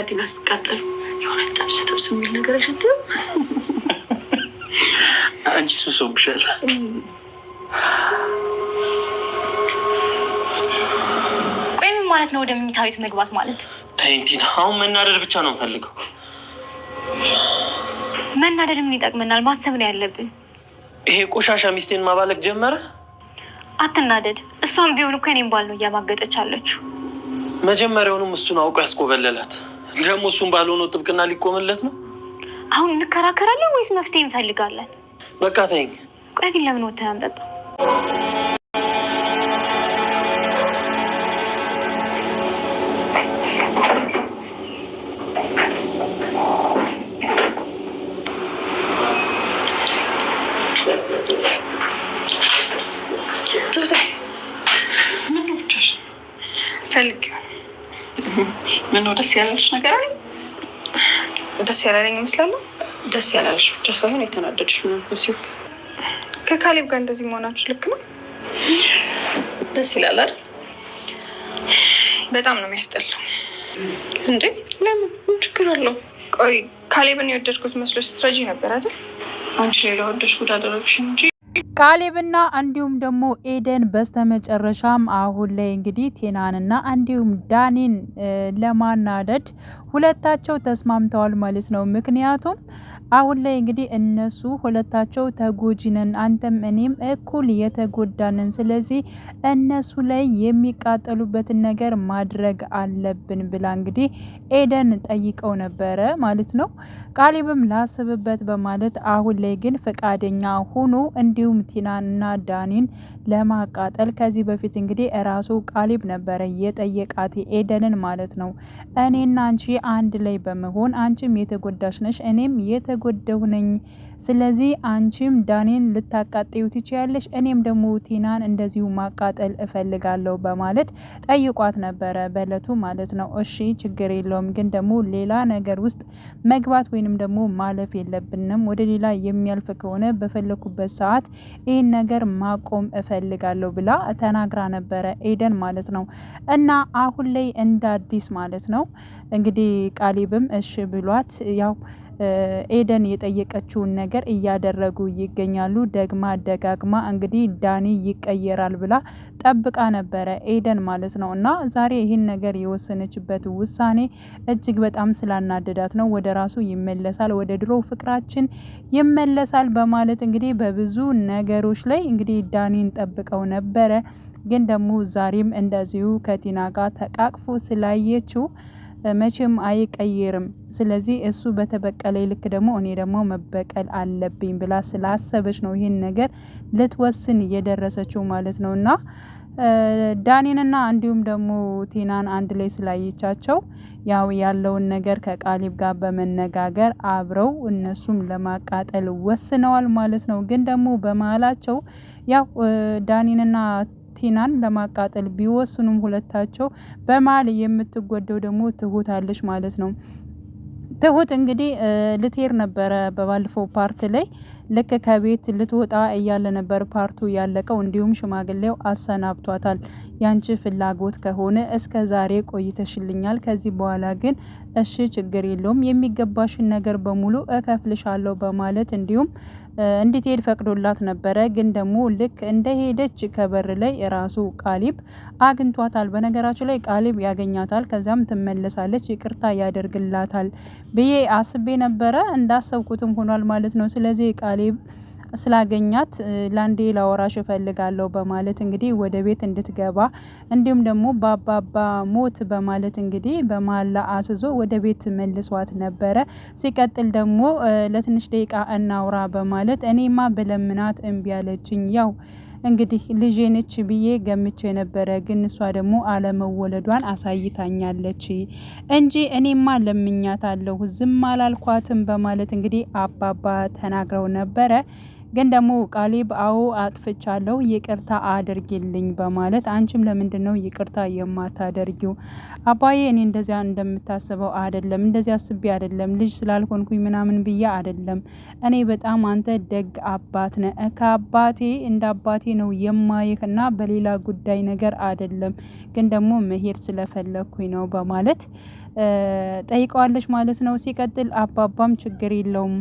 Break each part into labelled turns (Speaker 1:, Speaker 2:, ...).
Speaker 1: እናቴን አስቃጠሉ የሆነ ጥብስ ጥብስ የሚል ነገር ሽት
Speaker 2: አንቺ ሱሶብሻል።
Speaker 1: ቆይ ምን ማለት ነው ወደ መኝታ ቤት መግባት ማለት?
Speaker 2: ታይንቲን አሁን መናደድ ብቻ ነው ፈልገው።
Speaker 1: መናደድ ምን ይጠቅመናል? ማሰብ ነው ያለብን።
Speaker 2: ይሄ ቆሻሻ ሚስቴን ማባለቅ ጀመረ።
Speaker 1: አትናደድ። እሷም ቢሆን እኮ እኔም ባል ነው እያማገጠች አለችው።
Speaker 2: መጀመሪያውንም እሱን አውቀ ያስኮበለላት ደግሞ እሱም ባልሆነው ጥብቅና ሊቆምለት ነው።
Speaker 1: አሁን እንከራከራለን ወይስ መፍትሄ እንፈልጋለን? በቃ ተይኝ። ቆይ ግን ለምን ወተን አንጠጣ? ፈልግ
Speaker 3: ምን ነው ደስ ያላለች ነገር አለ?
Speaker 1: ደስ ያላለኝ ይመስላለሁ። ደስ ያላለች ብቻ ሳይሆን የተናደድሽ ምን ሲሆ
Speaker 3: ከካሌብ ጋር እንደዚህ መሆናችሁ ልክ ነው።
Speaker 1: ደስ ይላል አይደል? በጣም ነው የሚያስጠላው። እንዴ ለምን? ምን ችግር አለው?
Speaker 3: ቆይ ካሌብን የወደድኩት መስሎች ስትረጂ ነበር አይደል?
Speaker 1: አንቺ ሌላ ወደድሽ ጉድ አደረግሽ እንጂ
Speaker 4: ካሌብና እንዲሁም ደግሞ ኤደን በስተመጨረሻም አሁን ላይ እንግዲህ ቴናንና እንዲሁም ዳኒን ለማናደድ ሁለታቸው ተስማምተዋል ማለት ነው። ምክንያቱም አሁን ላይ እንግዲህ እነሱ ሁለታቸው ተጎጂነን፣ አንተም እኔም እኩል የተጎዳንን፣ ስለዚህ እነሱ ላይ የሚቃጠሉበትን ነገር ማድረግ አለብን ብላ እንግዲህ ኤደን ጠይቀው ነበረ ማለት ነው። ካሌብም ላስብበት በማለት አሁን ላይ ግን ፈቃደኛ ሆኖ እንዲ እንዲሁም ቲናንና ዳኒን ለማቃጠል ከዚህ በፊት እንግዲህ ራሱ ቃሊብ ነበረ የጠየቃት ኤደንን ማለት ነው። እኔና አንቺ አንድ ላይ በመሆን አንቺም የተጎዳሽ ነሽ፣ እኔም የተጎደው ነኝ። ስለዚህ አንቺም ዳኒን ልታቃጥዩ ትችያለሽ፣ እኔም ደግሞ ቲናን እንደዚሁ ማቃጠል እፈልጋለሁ በማለት ጠይቋት ነበረ በለቱ ማለት ነው። እሺ ችግር የለውም ግን ደግሞ ሌላ ነገር ውስጥ መግባት ወይንም ደግሞ ማለፍ የለብንም ወደ ሌላ የሚያልፍ ከሆነ በፈለኩበት ሰዓት ይህን ነገር ማቆም እፈልጋለሁ ብላ ተናግራ ነበረ ኤደን ማለት ነው። እና አሁን ላይ እንደ አዲስ ማለት ነው እንግዲህ ቃሊብም እሺ ብሏት ያው ኤደን የጠየቀችውን ነገር እያደረጉ ይገኛሉ። ደግማ ደጋግማ እንግዲህ ዳኒ ይቀየራል ብላ ጠብቃ ነበረ ኤደን ማለት ነው። እና ዛሬ ይህን ነገር የወሰነችበት ውሳኔ እጅግ በጣም ስላናደዳት ነው። ወደ ራሱ ይመለሳል፣ ወደ ድሮ ፍቅራችን ይመለሳል በማለት እንግዲህ በብዙ ነገሮች ላይ እንግዲህ ዳኒን ጠብቀው ነበረ። ግን ደግሞ ዛሬም እንደዚሁ ከቲና ጋር ተቃቅፎ ስላየችው መቼም አይቀየርም። ስለዚህ እሱ በተበቀለ ልክ ደግሞ እኔ ደግሞ መበቀል አለብኝ ብላ ስላሰበች ነው ይህን ነገር ልትወስን እየደረሰችው ማለት ነው። እና ዳኔንና እንዲሁም ደግሞ ቲናን አንድ ላይ ስላየቻቸው ያው ያለውን ነገር ከቃሊብ ጋር በመነጋገር አብረው እነሱም ለማቃጠል ወስነዋል ማለት ነው። ግን ደግሞ በመሀላቸው ያው ዳኔንና ቲናን ለማቃጠል ቢወስኑም ሁለታቸው በመሀል የምትጎደው ደግሞ ትሁታለች ማለት ነው። ትሁት እንግዲህ ልትሄድ ነበረ በባለፈው ፓርት ላይ ልክ ከቤት ልትወጣ እያለ ነበር ፓርቱ ያለቀው። እንዲሁም ሽማግሌው አሰናብቷታል። ያንቺ ፍላጎት ከሆነ እስከ ዛሬ ቆይተሽልኛል፣ ከዚህ በኋላ ግን እሺ ችግር የለውም የሚገባሽን ነገር በሙሉ እከፍልሻለሁ በማለት እንዲሁም እንድትሄድ ፈቅዶላት ነበረ። ግን ደግሞ ልክ እንደሄደች ከበር ላይ ራሱ ቃሊብ አግኝቷታል። በነገራችን ላይ ቃሊብ ያገኛታል፣ ከዚያም ትመለሳለች፣ ይቅርታ ያደርግላታል ብዬ አስቤ ነበረ። እንዳሰብኩትም ሆኗል ማለት ነው። ስለዚህ ቃሌ ስላገኛት ላንዴ ላወራሽ እፈልጋለሁ በማለት እንግዲህ ወደ ቤት እንድትገባ እንዲሁም ደግሞ በአባባ ሞት በማለት እንግዲህ በማላ አስዞ ወደ ቤት መልሷት ነበረ። ሲቀጥል ደግሞ ለትንሽ ደቂቃ እናውራ በማለት እኔማ ብለምናት እምቢ አለችኝ ያው እንግዲህ ልጄ ነች ብዬ ገምቼ ነበረ፣ ግን እሷ ደግሞ አለመወለዷን አሳይታኛለች እንጂ እኔማ ለምኛታለሁ ዝም አላልኳትም በማለት እንግዲህ አባባ ተናግረው ነበረ። ግን ደግሞ ቃሌብ አዎ አጥፍቻለሁ፣ ይቅርታ አድርጊልኝ በማለት አንቺም ለምንድን ነው ይቅርታ የማታደርጊው? አባዬ እኔ እንደዚያ እንደምታስበው አይደለም፣ እንደዚያ አስቤ አይደለም፣ ልጅ ስላልሆንኩኝ ምናምን ብዬ አይደለም። እኔ በጣም አንተ ደግ አባት ነህ። ከአባቴ እንደ አባቴ ነው የማይህ እና በሌላ ጉዳይ ነገር አይደለም። ግን ደግሞ መሄድ ስለፈለግኩኝ ነው በማለት ጠይቀዋለች ማለት ነው። ሲቀጥል አባባም ችግር የለውም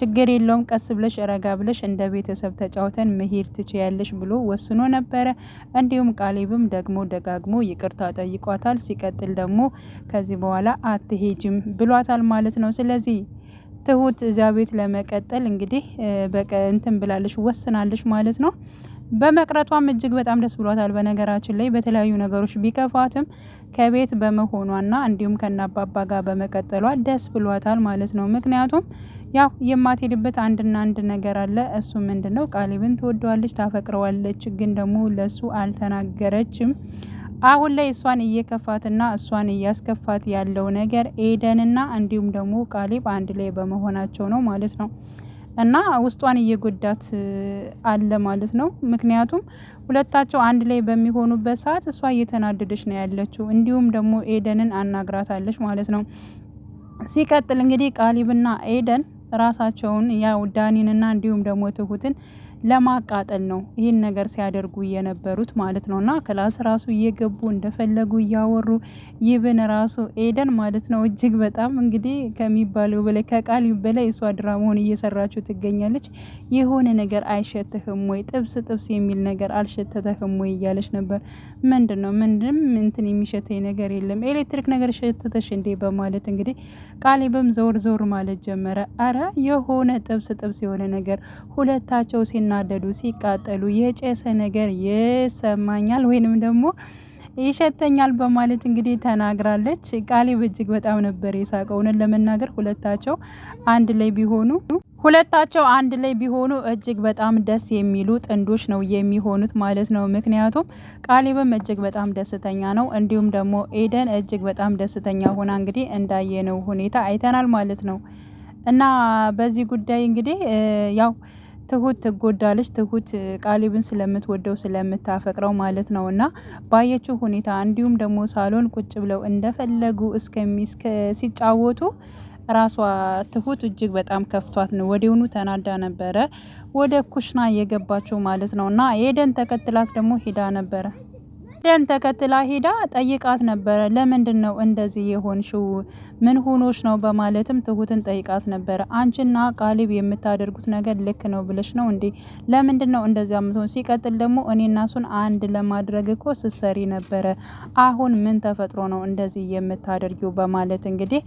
Speaker 4: ችግር የለውም ቀስ ብለሽ ረጋ ብለሽ እንደ ቤተሰብ ተጫውተን መሄድ ትችያለሽ ብሎ ወስኖ ነበረ። እንዲሁም ቃሌብም ደግሞ ደጋግሞ ይቅርታ ጠይቋታል። ሲቀጥል ደግሞ ከዚህ በኋላ አትሄጅም ብሏታል ማለት ነው። ስለዚህ ትሁት እዚያ ቤት ለመቀጠል እንግዲህ በቀ እንትን ብላለች ወስናለች ማለት ነው። በመቅረቷም እጅግ በጣም ደስ ብሏታል። በነገራችን ላይ በተለያዩ ነገሮች ቢከፋትም ከቤት በመሆኗና እንዲሁም ከናባባ ጋር በመቀጠሏ ደስ ብሏታል ማለት ነው። ምክንያቱም ያው የማትሄድበት አንድና አንድ ነገር አለ። እሱ ምንድን ነው? ቃሊብን ትወደዋለች፣ ታፈቅረዋለች፣ ግን ደግሞ ለሱ አልተናገረችም። አሁን ላይ እሷን እየከፋትና እሷን እያስከፋት ያለው ነገር ኤደንና እንዲሁም ደግሞ ቃሊብ አንድ ላይ በመሆናቸው ነው ማለት ነው። እና ውስጧን እየጎዳት አለ ማለት ነው። ምክንያቱም ሁለታቸው አንድ ላይ በሚሆኑበት ሰዓት እሷ እየተናደደች ነው ያለችው፣ እንዲሁም ደግሞ ኤደንን አናግራታለች ማለት ነው። ሲቀጥል እንግዲህ ቃሊብና ኤደን ራሳቸውን ያው ዳኒንና እንዲሁም ደግሞ ትሁትን ለማቃጠል ነው ይህን ነገር ሲያደርጉ የነበሩት ማለት ነው። እና ክላስ ራሱ እየገቡ እንደፈለጉ እያወሩ ይብን ራሱ ኤደን ማለት ነው እጅግ በጣም እንግዲህ ከሚባለው በላይ ከቃል በላይ እሷ ድራማውን እየሰራችው ትገኛለች። የሆነ ነገር አይሸትህም ወይ ጥብስ ጥብስ የሚል ነገር አልሸተተህም ወይ እያለች ነበር። ምንድን ነው ምንድንም እንትን የሚሸተኝ ነገር የለም ኤሌክትሪክ ነገር ሸተተሽ እንዴ በማለት እንግዲህ በም ዘወር ዘወር ማለት ጀመረ። አረ የሆነ ጥብስ ጥብስ የሆነ ነገር ሁለታቸው ሲናደዱ ሲቃጠሉ የጨሰ ነገር ይሰማኛል ወይንም ደግሞ ይሸተኛል በማለት እንግዲህ ተናግራለች። ቃሌብ እጅግ በጣም ነበር የሳቀው። ለመናገር ሁለታቸው አንድ ላይ ቢሆኑ ሁለታቸው አንድ ላይ ቢሆኑ እጅግ በጣም ደስ የሚሉ ጥንዶች ነው የሚሆኑት ማለት ነው። ምክንያቱም ቃሌብም እጅግ በጣም ደስተኛ ነው፣ እንዲሁም ደግሞ ኤደን እጅግ በጣም ደስተኛ ሆና እንግዲህ እንዳየነው ሁኔታ አይተናል ማለት ነው። እና በዚህ ጉዳይ እንግዲህ ያው ትሁት ትጎዳለች። ትሁት ቃሊብን ስለምትወደው ስለምታፈቅረው ማለት ነው እና ባየችው ሁኔታ እንዲሁም ደግሞ ሳሎን ቁጭ ብለው እንደፈለጉ እስከሚስከ ሲጫወቱ ራሷ ትሁት እጅግ በጣም ከፍቷት ነው ወዲያውኑ ተናዳ ነበረ ወደ ኩሽና የገባችው ማለት ነው እና ኤደን ተከትላት ደግሞ ሄዳ ነበረ ኤደን ተከትላ ሄዳ ጠይቃት ነበረ። ለምንድን ነው እንደዚህ የሆንሽው? ምን ሆኖች ነው? በማለትም ትሁትን ጠይቃት ነበረ። አንቺና ቃሊብ የምታደርጉት ነገር ልክ ነው ብለሽ ነው እንዴ? ለምንድን ነው እንደዚህ ምትሆን? ሲቀጥል ደግሞ እኔና እሱን አንድ ለማድረግ እኮ ስሰሪ ነበረ። አሁን ምን ተፈጥሮ ነው እንደዚህ የምታደርጊው? በማለት እንግዲህ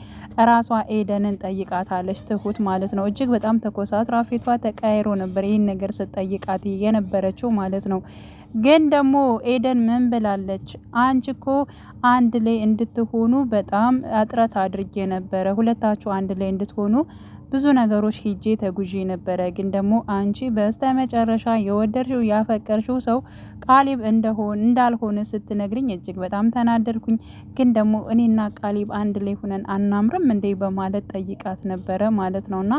Speaker 4: ራሷ ኤደንን ጠይቃታለች። ትሁት ማለት ነው። እጅግ በጣም ተኮሳትራ ፊቷ ተቀያይሮ ነበር ይህን ነገር ስትጠይቃት የነበረችው ማለት ነው። ግን ደግሞ ኤደን ምን ብላለች? አንቺ እኮ አንድ ላይ እንድትሆኑ በጣም እጥረት አድርጌ ነበረ፣ ሁለታችሁ አንድ ላይ እንድትሆኑ ብዙ ነገሮች ሂጄ ተጉዤ ነበረ። ግን ደግሞ አንቺ በስተ መጨረሻ የወደድሽው ያፈቀርሽው ሰው ቃሊብ እንደሆን እንዳልሆነ ስትነግርኝ እጅግ በጣም ተናደርኩኝ ግን ደግሞ እኔና ቃሊብ አንድ ላይ ሁነን አናምርም እንዴ በማለት ጠይቃት ነበረ ማለት ነውና፣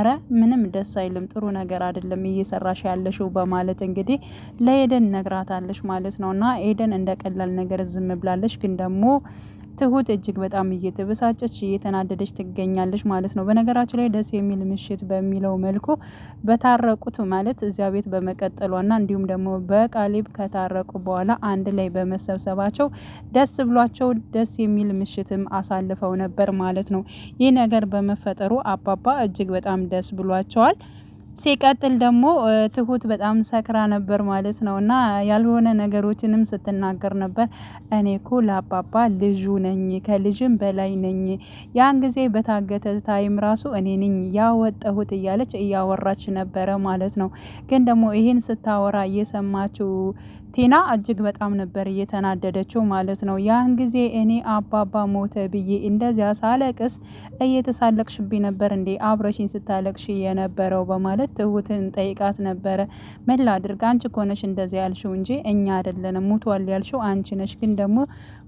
Speaker 4: አረ ምንም ደስ አይልም፣ ጥሩ ነገር አይደለም እየሰራሽ ያለሽው በማለት እንግዲህ ለኤደን ነግራታለች ማለት ነውና፣ ኤደን እንደ ቀላል ነገር ዝም ብላለች። ግን ደግሞ ትሁት እጅግ በጣም እየተበሳጨች እየተናደደች ትገኛለች ማለት ነው። በነገራችን ላይ ደስ የሚል ምሽት በሚለው መልኩ በታረቁት ማለት እዚያ ቤት በመቀጠሏና እንዲሁም ደግሞ በቃሊብ ከታረቁ በኋላ አንድ ላይ በመሰብሰባቸው ደስ ብሏቸው ደስ የሚል ምሽትም አሳልፈው ነበር ማለት ነው። ይህ ነገር በመፈጠሩ አባባ እጅግ በጣም ደስ ብሏቸዋል። ሲቀጥል ደግሞ ትሁት በጣም ሰክራ ነበር ማለት ነው እና ያልሆነ ነገሮችንም ስትናገር ነበር። እኔ ኮ ለአባባ ልጁ ነኝ፣ ከልጅም በላይ ነኝ። ያን ጊዜ በታገተ ታይም ራሱ እኔ ነኝ ያወጣሁት እያለች እያወራች ነበረ ማለት ነው። ግን ደግሞ ይህን ስታወራ እየሰማችው ቲና እጅግ በጣም ነበር እየተናደደችው ማለት ነው። ያን ጊዜ እኔ አባባ ሞተ ብዬ እንደዚያ ሳለቅስ እየተሳለቅሽብኝ ነበር እንዴ? አብረሽኝ ስታለቅሽ የነበረው በማለት በማለት ትሁትን ጠይቃት ነበረ። መላ አድርግ አንቺ እኮ ነሽ እንደዚያ ያልሽው እንጂ እኛ አይደለንም፣ ሙቷል ያልሽው አንቺ ነሽ። ግን ደግሞ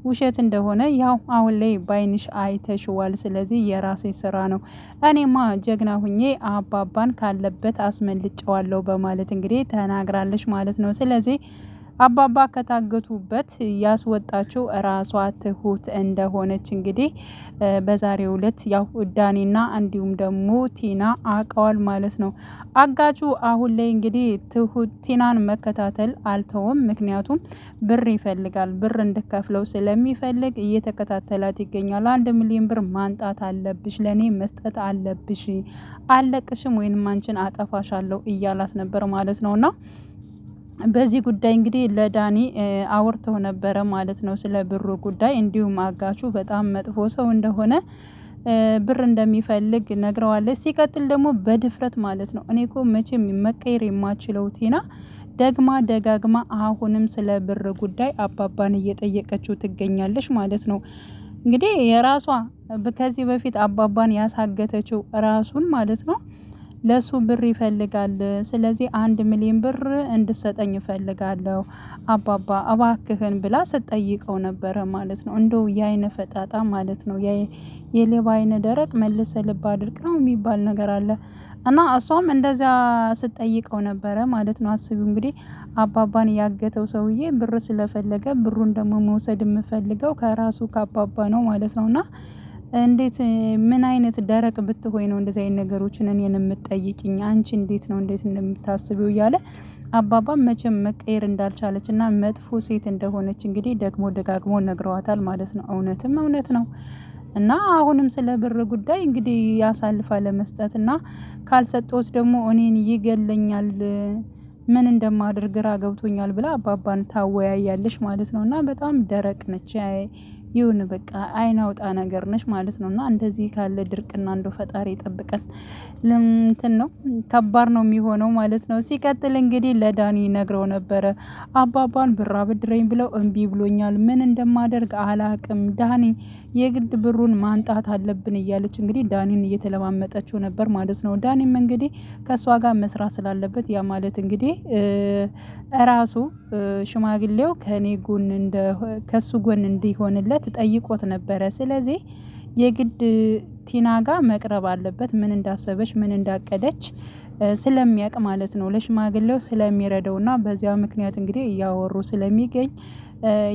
Speaker 4: ውሸት እንደሆነ ያው አሁን ላይ ባይንሽ አይተሽዋል። ስለዚህ የራሴ ስራ ነው። እኔማ ጀግና ሁኜ አባባን ካለበት አስመልጨዋለሁ በማለት እንግዲህ ተናግራለች ማለት ነው። ስለዚህ አባባ ከታገቱበት ያስወጣችው ራሷ ትሁት እንደሆነች እንግዲህ በዛሬው ዕለት ያው ዳኒና እንዲሁም ደግሞ ቲና አውቀዋል ማለት ነው። አጋቹ አሁን ላይ እንግዲህ ትሁት ቲናን መከታተል አልተውም። ምክንያቱም ብር ይፈልጋል። ብር እንድከፍለው ስለሚፈልግ እየተከታተላት ይገኛል። አንድ ሚሊዮን ብር ማንጣት አለብሽ፣ ለእኔ መስጠት አለብሽ፣ አለቅሽም ወይንም አንቺን አጠፋሻለሁ እያላት ነበር ማለት እና በዚህ ጉዳይ እንግዲህ ለዳኒ አውርተው ነበረ ማለት ነው። ስለ ብሩ ጉዳይ እንዲሁም አጋቹ በጣም መጥፎ ሰው እንደሆነ ብር እንደሚፈልግ ነግረዋለች። ሲቀጥል ደግሞ በድፍረት ማለት ነው። እኔ ኮ መቼም መቀየር የማችለው ቲና ደግማ ደጋግማ አሁንም ስለ ብር ጉዳይ አባባን እየጠየቀችው ትገኛለች ማለት ነው። እንግዲህ የራሷ ከዚህ በፊት አባባን ያሳገተችው ራሱን ማለት ነው ለሱ ብር ይፈልጋል። ስለዚህ አንድ ሚሊዮን ብር እንድሰጠኝ ይፈልጋለሁ አባባ እባክህን ብላ ስትጠይቀው ነበረ ማለት ነው። እንደው የአይነ ፈጣጣ ማለት ነው። የሌባ አይነ ደረቅ መልሰ ልብ አድርቅ ነው የሚባል ነገር አለ እና እሷም እንደዚያ ስጠይቀው ነበረ ማለት ነው። አስቢው እንግዲህ አባባን ያገተው ሰውዬ ብር ስለፈለገ ብሩን ደግሞ መውሰድ የምፈልገው ከራሱ ከአባባ ነው ማለት ነው እና እንዴት ምን አይነት ደረቅ ብትሆይ ነው እንደዚህ አይነት ነገሮችን እኔን የምትጠይቅኝ? አንቺ እንዴት ነው እንዴት እንደምታስቢው እያለ አባባ መቼም መቀየር እንዳልቻለች እና መጥፎ ሴት እንደሆነች እንግዲህ ደግሞ ደጋግሞ ነግረዋታል ማለት ነው። እውነትም እውነት ነው። እና አሁንም ስለ ብር ጉዳይ እንግዲህ ያሳልፋ ለመስጠት እና ካልሰጠውት ደግሞ እኔን ይገለኛል ምን እንደማደርግ ግራ ገብቶኛል ብላ አባባን ታወያያለች ማለት ነው። እና በጣም ደረቅ ነች ይሁን በቃ አይናውጣ ነገር ነች ማለት ነው። እና እንደዚህ ካለ ድርቅና እንደ ፈጣሪ ይጠብቀን። እንትን ነው ከባድ ነው የሚሆነው ማለት ነው። ሲቀጥል እንግዲህ ለዳኒ ነግረው ነበረ አባባን ብር አበድረኝ ብለው እምቢ ብሎኛል። ምን እንደማደርግ አላቅም። ዳኒ የግድ ብሩን ማንጣት አለብን እያለች እንግዲህ ዳኒን እየተለማመጠችው ነበር ማለት ነው። ዳኒም እንግዲህ ከእሷ ጋር መስራት ስላለበት ያ ማለት እንግዲህ እራሱ ሽማግሌው ከኔ ጎን ከሱ ጎን እንዲሆንለት ጠይቆት ነበረ። ስለዚህ የግድ ቲና ጋር መቅረብ አለበት። ምን እንዳሰበች ምን እንዳቀደች ስለሚያውቅ ማለት ነው። ለሽማግሌው ስለሚረዳውና በዚያ ምክንያት እንግዲህ እያወሩ ስለሚገኝ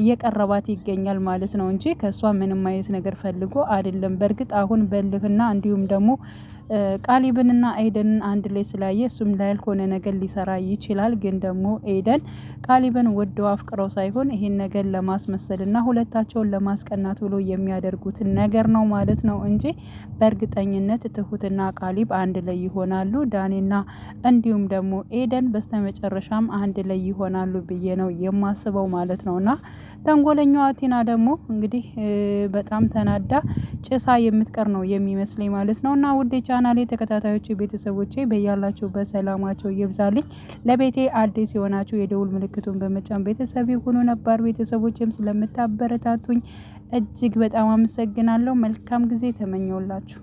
Speaker 4: እየቀረባት ይገኛል ማለት ነው እንጂ ከእሷ ምንም አይነት ነገር ፈልጎ አይደለም። በእርግጥ አሁን በልህና እንዲሁም ደግሞ ቃሊብንና ኤደንን አንድ ላይ ስላየ እሱም ላልሆነ ነገር ሊሰራ ይችላል። ግን ደግሞ ኤደን ቃሊብን ወደው አፍቅረው ሳይሆን ይሄን ነገር ለማስመሰልና ሁለታቸውን ለማስቀናት ብሎ የሚያደርጉት ነገር ነው ማለት ነው እንጂ በእርግጠኝነት ትሁትና ቃሊብ አንድ ላይ ይሆናሉ። ዳኔና እንዲሁም ደግሞ ኤደን በስተመጨረሻም አንድ ላይ ይሆናሉ ብዬ ነው የማስበው ማለት ነውና ተንኮለኛዋ ቲና ደግሞ እንግዲህ በጣም ተናዳ ጭሳ የምትቀር ነው የሚመስለኝ ማለት ነውና ውዴቻ የቻናሌ ተከታታዮች ቤተሰቦቼ በያላችሁበት ሰላማቸው ይብዛልኝ። ለቤቴ አዲስ የሆናችሁ የደውል ምልክቱን በመጫን ቤተሰብ የሆኑ ነባር ቤተሰቦችም ስለምታበረታቱኝ እጅግ በጣም አመሰግናለሁ። መልካም ጊዜ ተመኘውላችሁ።